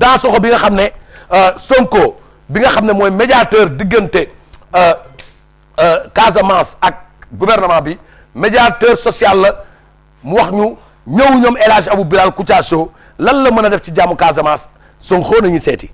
daa soxo bi nga xam ne euh, Sonko bi nga xam ne mooy médiateur diggante euh, euh, Casamance ak gouvernement bi médiateur social la mu wax ñu ñëw ñoom El Hadj Abou Bilal Kouthia Show lan la mën a def ci jàmmu Casamance Sonko nañu seeti.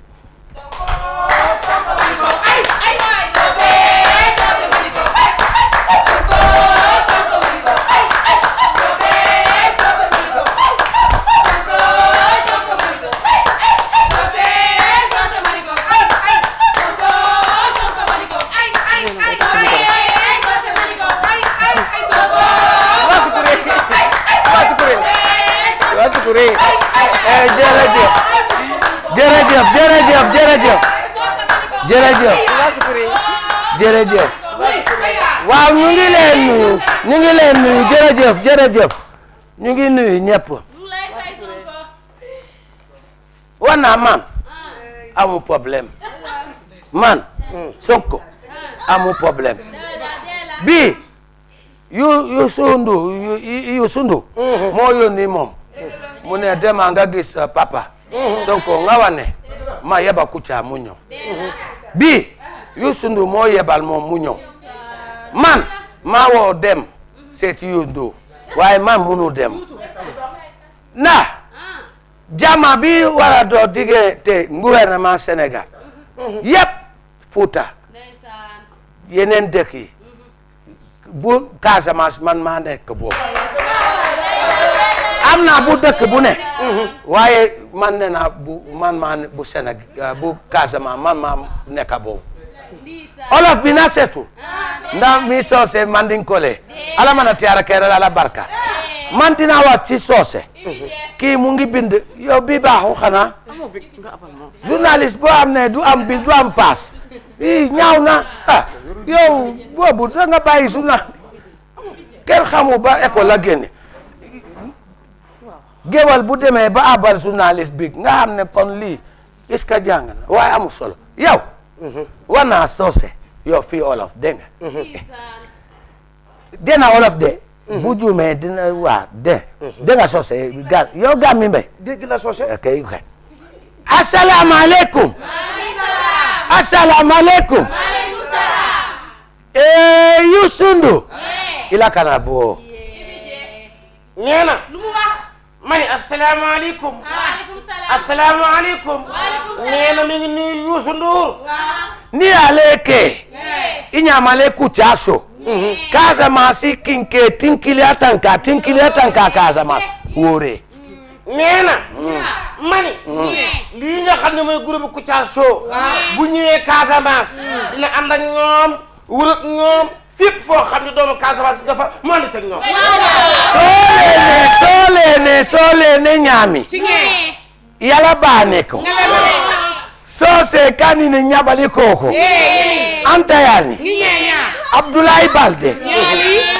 jërëjëf jërëjëf jërëjëf jërëjëf jërëjëf waaw ñu ngi leen nuyu ñu ngi leen nuyu jërëjëf jërëjëf ñu ngi nuyu ñëpp war naa man amu problème man Sonko amu problème bii yu yu sundu yu mhm. sundu moo yónni moom mu ne dema nga gis uh, papa mhm. Sonko nga wane ma yebal Kouthia mu ñëw bii Youssou Ndour moo yebal moom mu ñëw man maa woo dem seeti Youssou Ndour waaye man munu dem na jama bi war doo diggante gouvernement Sénégal yépp Fouta yeneen dëkk yi bu Casamance man maa nekk boobu am naa bu dëkk bu ne. Mhm. waaye man ne bu man maa bu Sénégal euh, bu Casamance man maa nekk boobu. olof bi na setu ah. nda mi soose man din kole ala mana tiara kere ala barka man dina ci soose kii mu ngi bind yow bi baaxu xanaa journaliste boo am ne du am bi am paas i ñaaw na ah, yow boobu da nga bàyyi journal kenn xamu ba école la génne géwal bu demee ba abal journaliste bi nga xam ne kon lii est-ce que jàng na waaye amul solo yow mhm. war naa soose yow fii olof dégg nga mhm. dena olof de mhm. bu juumee dina waa de dégg nga soose gar yow gar mi mbay dégg na soose kay kay asalaamaaleykum asalaamaaleykum e Youssou Ndour ila kana boo ñeena lu mu wax ma ni asalaamaaleykum. waaleykum salaam asalaamaaleykum. waaleykum salaam nee na mi ngi nuyu Youssou Ndour. ni aleke. inyamale kuchaso. Mhm. Casamance kinke tinkilia tanka tinkilia tanka Casamance wóore. Mm. nee na. Mm. ma ni. lii nga xam ne mooy groupe Kouthia Show. bu ñëwee Casamance. Mm. dina ànd ñoom wër ñoom. fépp foo xam ne doomu ñaami. yàlla baane ko. soose kanine ñabali koko anta yani abdoulaye balde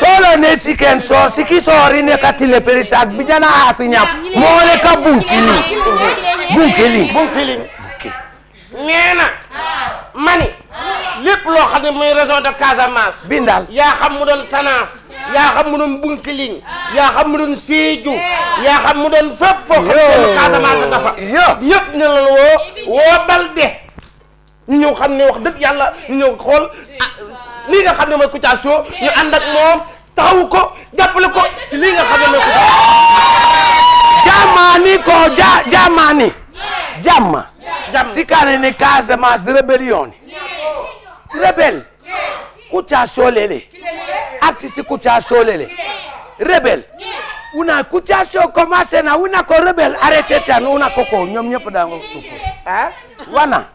solo ne siken so siki sori ne katile perisak bijana moole ka bunkiling bunkiling neena ah. lépp loo xam ne muy région de Casamance. Bindal yaa xam mu doon Tanaas. yaa xam mu doon Bunkiling. yaa xam mu doon Sédhiou. yaa xam mu doon fépp foo xam ne Casamance nga fa. yëpp ñu la woo woo Balde. ñu ñëw xam ne wax dëgg yàlla ñu ñëw xool ah, lii nga xam ne mooy Kouthia Show ñu ànd ak moom taxawu ko jàppale ko ci lii nga xam ne mooy Kouthia Show. jaamaani ko ja jaamaani. jàmm. jàmm si kaane ne Casamance rébellion ni rebelle Kouthia Show lele artiste Kouthia Show lele rebelle una Kouthia Show commencé na una ko rebelle arrêté tan una koko ñoom ñëpp daa nga tuko ah wana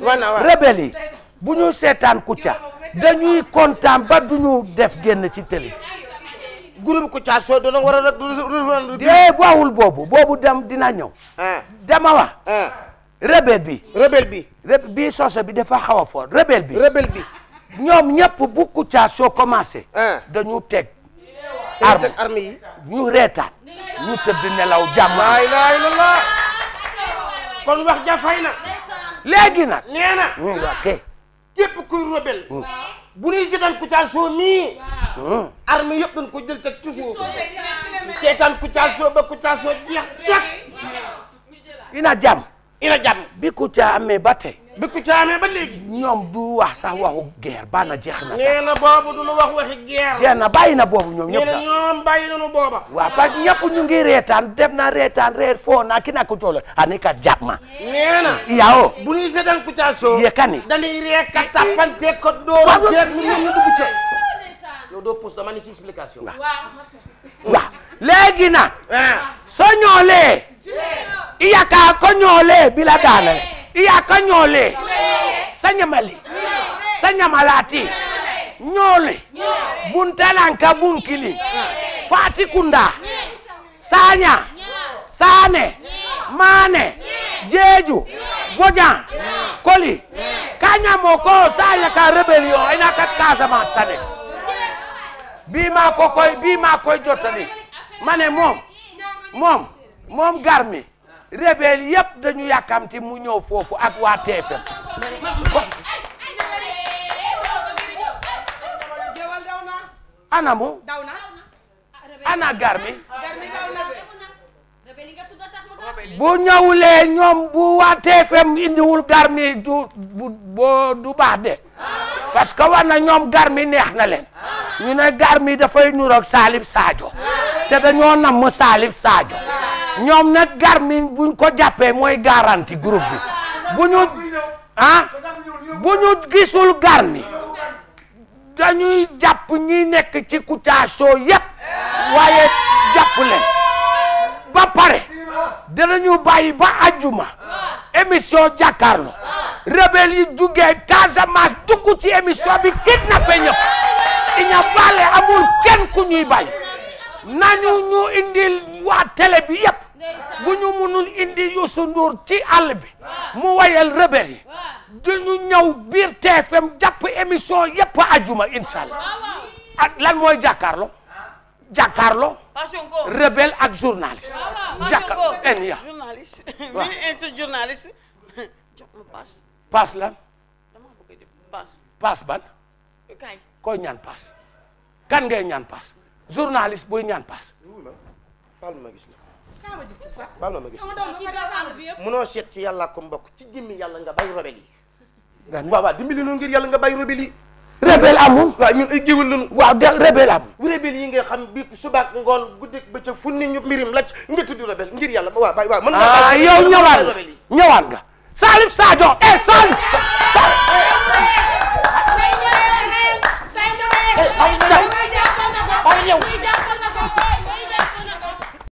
wana rebelle yi bu ñu seetaan Kouthia dañuy kontaan ba duñu def génn ci télé groupe Kouthia Show doona war a rek dé waxul boobu boobu dina ñëw dama wax rebelle bi rebelle bi reb bi dafa xaw a fort rebelle bi rebelle bi ñoom ñëpp bu Kouthia Show commencé dañu teg arme arme yi ñu reetaan ñu nelaw jàmm laa ilaaha kon wax ja fay na nag nee na ok képp kuy rebelle hmm. seetaan Kouthia Show hmm. yëpp dañ ko jël te toujours ba Kouthia Show jeex jag ina jàmm ina jàmm bi ku mee amee ba tey bi ku caa amee ba léegi ñoom du wax sax waxu guerre ba na jeex na nee na boobu du nu wax waxi guerre jeex na bàyyi na boobu ñoom ñëpp sax nee na ñoom bàyyi nañu booba waaw parce que ñëpp ñu ngi reetaan def na reetaan reer foo na ki na ku coolo ani ka jàpp ma nee na yawo bu ñuy seetaan ku caa soo yekani dañuy ree ka tappante ko dóora jeeg mi ñoom ñu dugg ca yow doo pousse dama ni ci explication waaw iyaka konyole bila dale iyaka nyole sanyamali sanyamalati nyole buntalanka bunkili fatikunda sanya sane mane jeju gojan koli kanyamo ko saya ka rebellion ina ka kasama tane bima ko koy bima koy jotani mane mom mom garmi rebel yëpp dañu yàkkamti mu ñëw foofu ak waa TFM ana mu ana garmi bu ñëwulee ñoom bu waa TFM indiwul garmi du bu du baax de parce que war na ñoom garmi neex na leen ñu ne garmi dafay nurook Salif saajo te dañoo namm Salif Sadio ñoom nag garmi buñ ko jàppee mooy garanti groupe bi bu ñu ah bu ñu gisul garmi dañuy jàpp ñi nekk ci Kouthia Show yépp waaye jàpp leen ba pare danañu bàyyi ba ajjuma émission jàkkaarlo rebelle yi jugee Casamance dugg ci émission bi kidnappé ñëpp il n'y a pas amul kenn ku ñuy bàyyi nañu ñu indil waa télé bi yépp bu ñu mënul indi Youssou Ndour ci àll bi mu wayal rebel yi dañu ñëw biir TFM jàpp émission yépp ajuma incha allah lan mooy jàkkaarloo jàkkaarloo rebel ak journaliste jàkkaarloo en ya journaliste paas lan paas ban koy ñaan paas kan ngay ñaan paas journaliste buy ñaan paas baal ma ma gis munoo seet ci yàlla ko mbokk ci jëmmi yàlla nga bay robel yi waaw waaw dimbali noonu ngir yàlla nga bay robel yi rebel amul waaw ñun ay géwél lañu de rebel amul rebel yi nga xam bi subaak ngoon guddeeg bëccëg fu ni ñu mbirim laaj nga tudd rebel ngir yàlla waaw waaw ah, nga Salif Sadio eh Salif